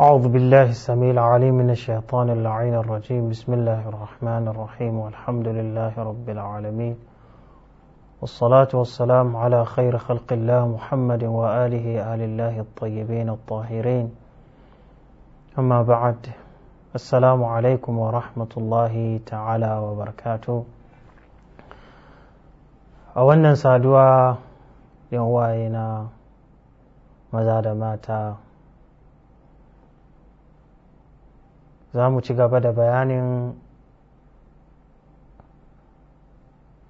أعوذ بالله السميع العليم من الشيطان اللعين الرجيم بسم الله الرحمن الرحيم والحمد لله رب العالمين والصلاة والسلام على خير خلق الله محمد وآله آل الله الطيبين الطاهرين أما بعد السلام عليكم ورحمة الله تعالى وبركاته أولا سادوا يوائنا مزاد ماتا za mu ci gaba da bayanin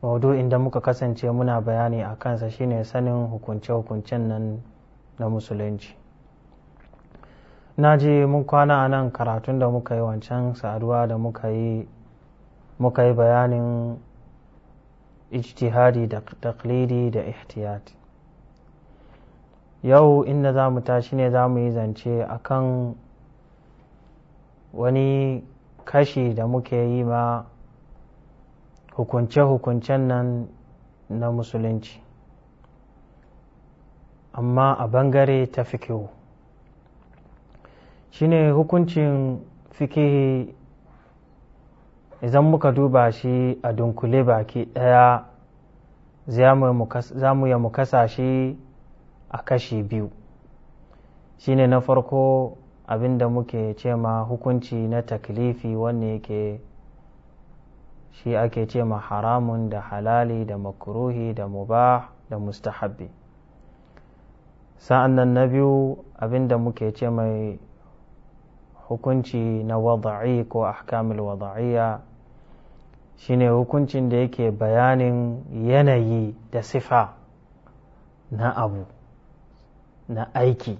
maudu'in da muka kasance muna bayani a kansa shine sanin hukunce-hukuncen nan na musulunci na ji mun kwana a nan karatun da muka yi wancan saduwa da muka yi bayanin ijtihadi da taklidi da ihtiyati yau inda za mu tashi ne za mu yi zance akan wani kashi da muke yi ma hukunce-hukuncen nan na musulunci amma a bangare ta fikihu shine hukuncin fikihi idan muka duba shi a dunkule baki ɗaya za mu ya mu kasa shi a kashi biyu shine na farko abinda muke ce ma hukunci na taklifi wanne yake shi ake ce ma haramun da halali da makruhi da mubah da mustahabbi sa'annan na biyu abinda muke ce mai hukunci na wada'i ko ahkamul wada'iyya shine hukuncin da yake bayanin yanayi da sifa na abu na aiki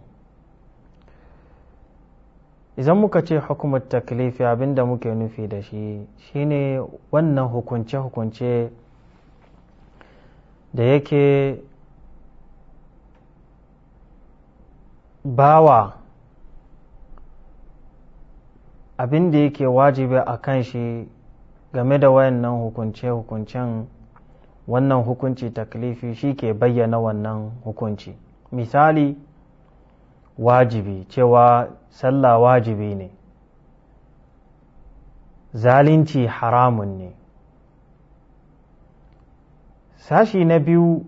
idan muka ce hukumar taklifi abinda muke nufi da shi shine wannan hukunce-hukunce da yake bawa abin da yake wajibi a kan shi game da wayannan hukunce-hukuncen wannan hukunci taklifi shi ke bayyana wannan hukunci misali wajibi cewa sallah wajibi ne zalunci haramun ne sashi na biyu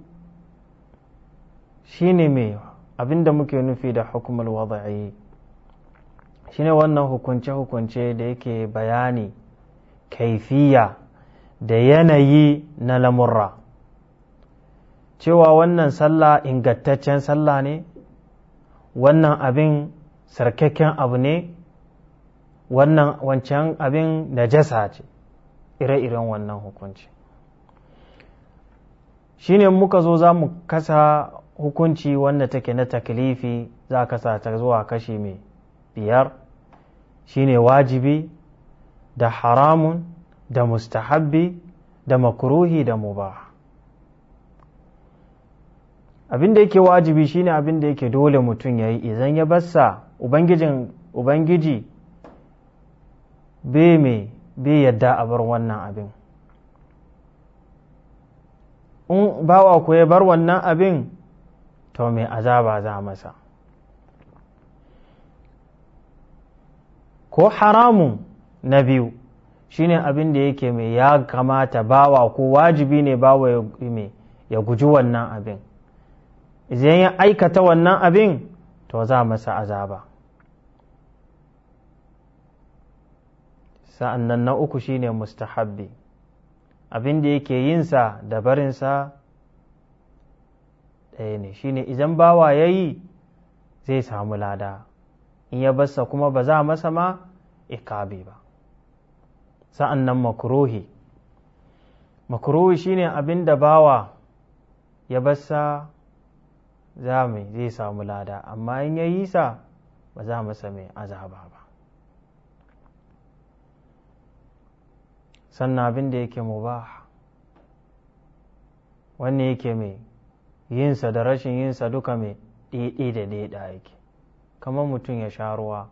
Shi ne mai abinda muke nufi da hukumar wada'i ne wannan hukunce-hukunce da yake bayani kaifiya da yanayi na lamurra cewa wannan sallah ingantaccen sallah ne wannan abin sarkakken abu ne wannan wancan abin najasa ce ire-iren wannan hukunci shi ne muka zo za mu kasa hukunci wanda take na taklifi za ka sa ta zuwa kashi mai biyar shi ne wajibi da haramun da mustahabbi da makuruhi da mubaha abin da yake wajibi shine abin da yake dole mutum ya yi idan ya bassa ubangijin ubangiji be mai bai yadda a bar wannan abin in bawa ku ya bar wannan abin to mai azaba za masa ko haramun na biyu shine abin da yake mai ya kamata bawa ko wajibi ne bawa ya guji wannan abin idan ya aikata wannan abin to za masa azaba sa'an na uku shine mustahabbi abin da yake yinsa da barinsa ɗaya ne shine idan bawa ya yi zai samu lada in ya basa kuma ba za masa ma ikabi ba sa'an nan makurohi makurohi shine abin da bawa ya basa. za mu zai samu lada amma in ya yi sa ba za masa mai azaba ba sannan abin da yake mu ba wanne yake mai yinsa da rashin yinsa duka mai ɗeɗe da ɗiɗa yake kamar mutum ya sha ruwa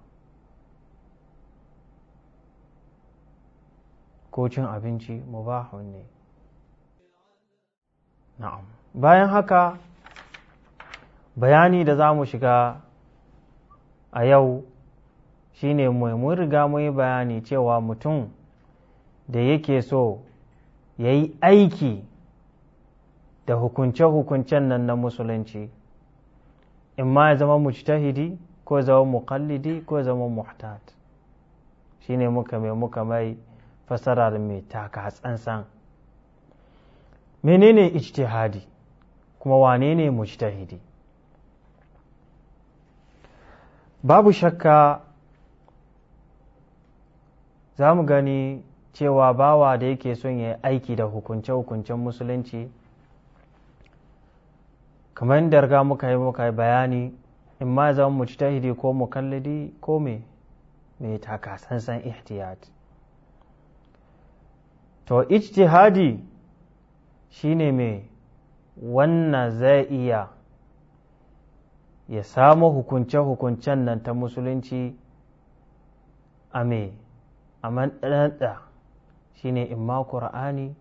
ko cin abinci mu ba ne na'am bayan haka bayani da za mu shiga a yau shine mun riga mun yi bayani cewa mutum da yake so ya yi aiki da hukunce-hukuncen nan na musulunci in ma ya zama mujtahidi ko ya zama muqallidi ko ya zama muhtad ne muka mai muka mai fasarar mai taka tsantsan menene ijtihadi kuma wane ne mujtahidi babu shakka za mu gani cewa bawa da yake son ya aiki da hukunce-hukuncen musulunci kamar da riga muka yi muka yi bayani in ma zama mu tahidi ko mu kallidi ko me mai sansan ihtiyat to ijtihadi shine mai wannan zai iya ya samo hukunce-hukuncen nan ta musulunci a mai. a manɗanɗa shi ne imma ƙura'ani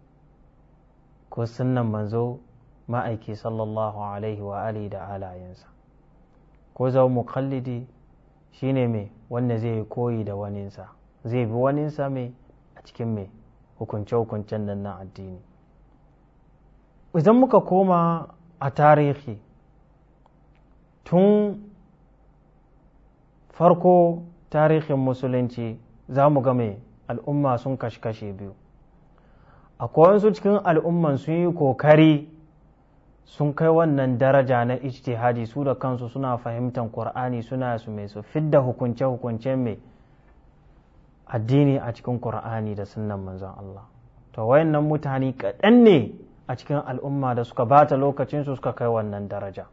ko sunan manzo ma'aiki sallallahu alaihi wa alihi da alayensa ko zama mukallidi shi ne mai wanda zai yi koyi da waninsa zai bi waninsa mai a cikin mai hukunce-hukuncen nan na addini idan muka koma a tarihi tun farko tarihin musulunci za mu game al'umma sun kashe-kashe biyu akwai wasu cikin al'umman sun yi kokari sun kai wannan daraja na ijtihadi su da kansu suna fahimtar ƙur'ani suna su mai su fidda hukunce-hukunce mai addini a cikin Kur'ani da sunan manzan Allah to wayannan mutane kaɗan ne a cikin al'umma da suka bata lokacinsu suka kai wannan daraja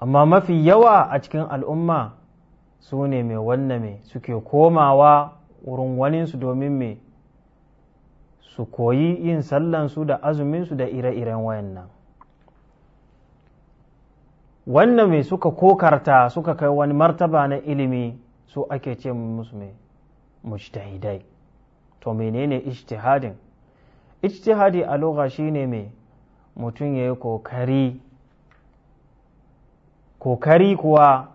amma mafi yawa a cikin al'umma su ne mai wannan mai suke komawa wurin waninsu domin mai su koyi yin sallansu da azuminsu da ire-iren wayannan wannan mai suka kokarta suka kai wani martaba na ilimi su ake ce musu mai mujtahidai to menene ijtihadin ijtihadi a loga shine mai mutum ya yi kokari kokari kuwa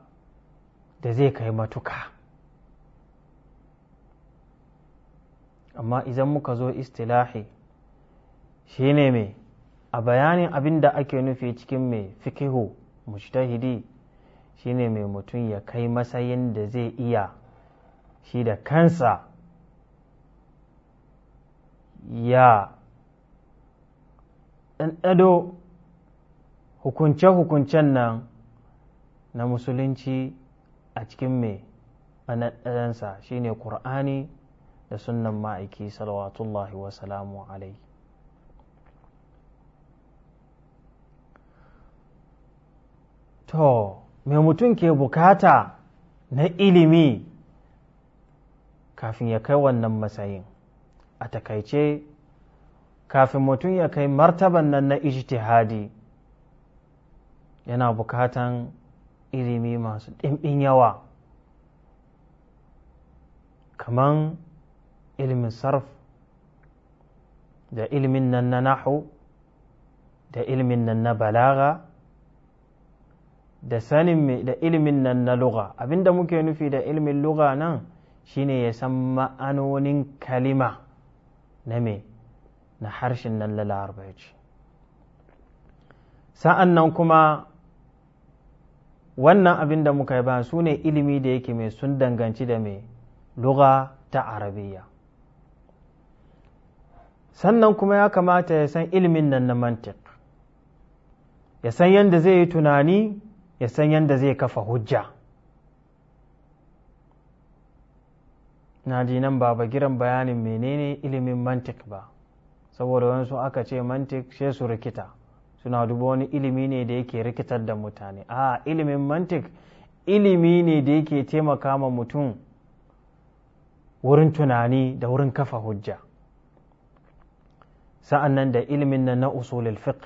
da zai kai matuka amma idan muka zo istilahi shine mai a bayanin abin da ake nufi cikin mai fikihu mujtahidi shine mai mutum ya kai matsayin da zai iya shi da kansa ya ɗanɗado hukunce-hukuncen nan na musulunci a cikin mai manaɗansa shine ƙur'ani da sunnan ma'aiki salawatullahi salamu alai to mai mutum ke bukata na ilimi kafin ya kai wannan matsayin a takaice kafin mutum ya kai martaban nan na ijtihadi yana bukatan ilimi masu ɗimbin yawa kaman ilimin sarf da ilimin nan na nahu da ilimin nan na balaga da sanin da ilimin nan na luga abinda muke nufi da ilimin luga nan shine ya san ma'anonin kalima na me na harshen nan la larabci sa'an nan kuma wannan abin da muka yi ba su ne ilimi da yake mai sun danganci da mai lura ta arabiya sannan kuma ya kamata ya san ilimin nan na mantik ya san yadda zai yi tunani ya san yadda zai kafa hujja na ji nan ba giran bayanin menene ilimin mantik ba saboda wani aka ce mantik sai su rikita suna wani ilimi ne da yake rikitar da mutane a ilimin mantik ilimi ne da yake taimaka ma mutum wurin tunani da wurin kafa hujja sa'an nan da ilimin nan na usulul fiqh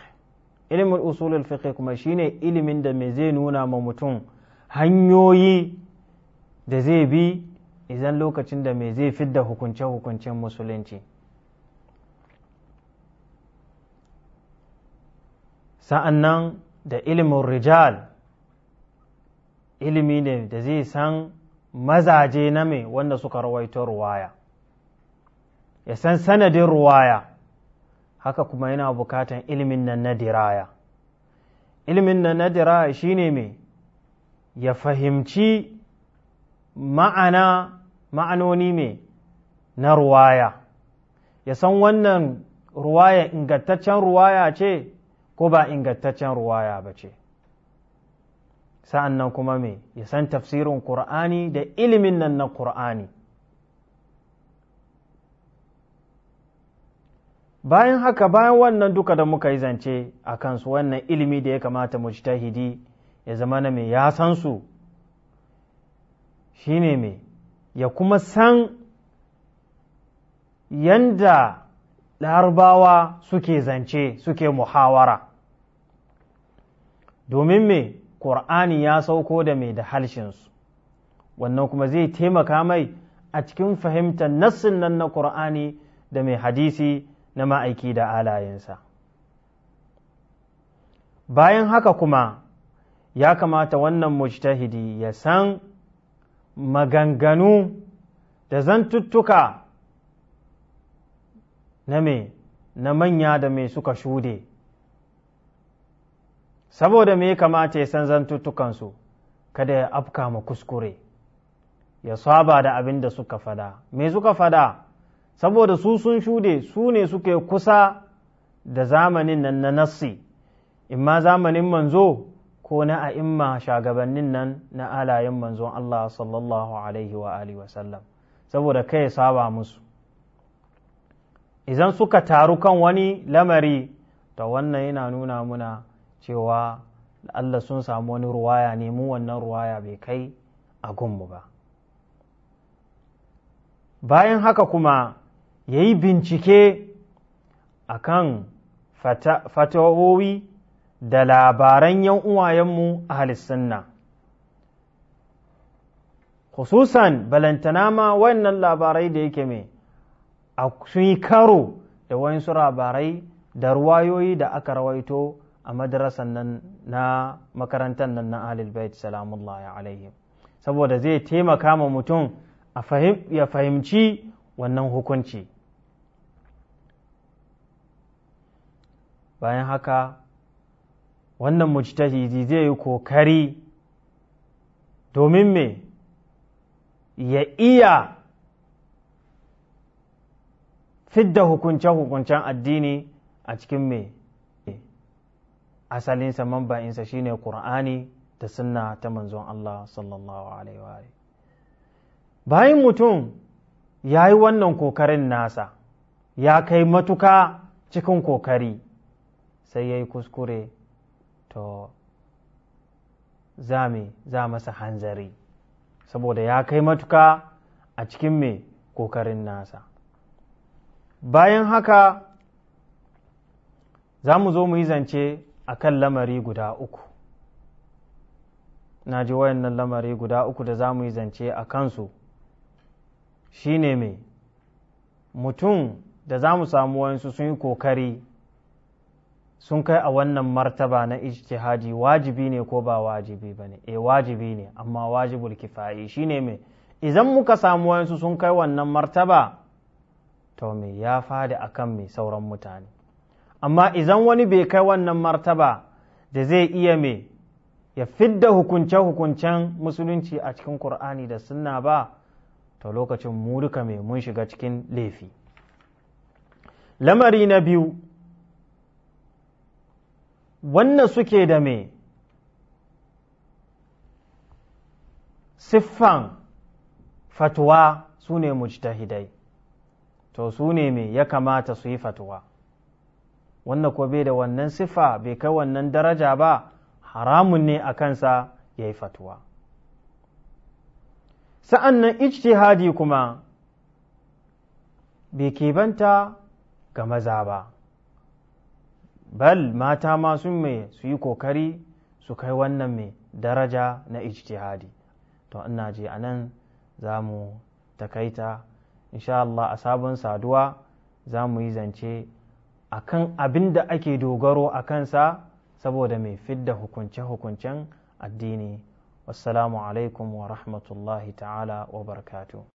ilimin usulul fiqh kuma shine ilimin da mai zai nuna ma mutum hanyoyi da zai bi idan lokacin da mai zai fidda hukunce-hukuncen musulunci sa'an nan da ilimin rijal ilimi ne da zai san mazaje na mai wanda suka rawaito ruwaya ya san sanadin ruwaya haka kuma yana bukatan ilimin nan na diraya ilimin nan na diraya shine mai ya fahimci ma'ana ma'anoni mai na ruwaya ya san wannan ruwaya ingantaccen ruwaya ce ko ba ingantaccen ruwaya ba ce sa'an nan kuma me ya san tafsirin ƙur'ani da ilimin nan na ƙur'ani bayan haka bayan wannan duka da muka yi zance a kansu wannan ilimi da ya kamata mu ta hidi ya zama na mai ya san su shi ne mai ya kuma san yanda larabawa suke zance suke muhawara domin me ƙur'ani ya sauko da mai da halshinsu wannan kuma zai taimaka mai a cikin fahimtar nassin nan na ƙur'ani da mai hadisi na ma'aiki da alayensa bayan haka kuma ya kamata wannan mujtahidi ya san maganganu da zantuttuka na me na manya da mai suka shude saboda me ya kamata ya san zantuttukansu kada ya afka ma kuskure ya saba da abin da suka fada me suka fada saboda su sun shude su ne suke kusa da zamanin nan na nassi imma zamanin manzo ko na a'imma shagabannin nan na alayen manzo, Allah sallallahu alaihi wa alihi wasallam saboda kai saba musu idan suka taru kan wani lamari to wannan yana nuna muna cewa Allah sun samu wani ruwaya ne mu wannan ruwaya bai kai a gunmu ba bayan haka kuma ya yi bincike a kan fatawowi da labaran yan uwayenmu a halissunna khususan balantana ma wannan labarai da yake mai a sun yi karo da wayansu labarai da ruwayoyi da aka rawaito a madarasan nan na makarantar nan na ahlul bait salamullahi alaihim saboda zai taimaka ma mutum ya fahimci wannan hukunci bayan haka wannan mujtahidi zai yi kokari domin me ya iya fidda hukunce-hukuncen addini a cikin me asalinsa mamba'insa shine Qur'ani da sunna ta manzon Allah sallallahu alaihi wa bayan mutum ya yi wannan kokarin nasa ya kai matuka cikin kokari sai ya yi kuskure to zame za masa hanzari saboda ya kai matuka a cikin mai kokarin nasa bayan haka za mu zo mu yi zance a kan lamari guda uku na ji wayannan lamari guda uku da za mu yi zance a kansu shi ne mai mutum da za mu samu wayansu sun yi kokari sun kai a wannan martaba na ijtihadi wajibi ne ko ba wajibi ba ne e wajibi ne amma wajibul kifayi shi ne mai idan muka samu wayansu sun kai wannan martaba to mai ya fadi akan mai sauran mutane amma idan wani bai kai wannan martaba da zai iya me ya fidda hukunce-hukuncen musulunci a cikin Kur'ani da sunna ba ta lokacin mu duka mai mun shiga cikin laifi lamari na biyu wannan suke da me siffan fatuwa su ne mujtahidai to su ne me ya kamata su yi fatuwa Wannan ko bai da wannan sifa bai kai wannan daraja ba haramun ne a kansa ya yi fatuwa sa'an nan ijtihadi kuma bai kebanta ga maza ba bal mata ma sun mai su yi kokari su kai wannan mai daraja na ijtihadi to ina je a nan za mu takaita insha Allah a sabon saduwa za mu yi zance akan abin da ake dogaro a kansa saboda mai fidda hukunce-hukuncen addini wassalamu alaikum wa rahmatullahi ta'ala wa barkatu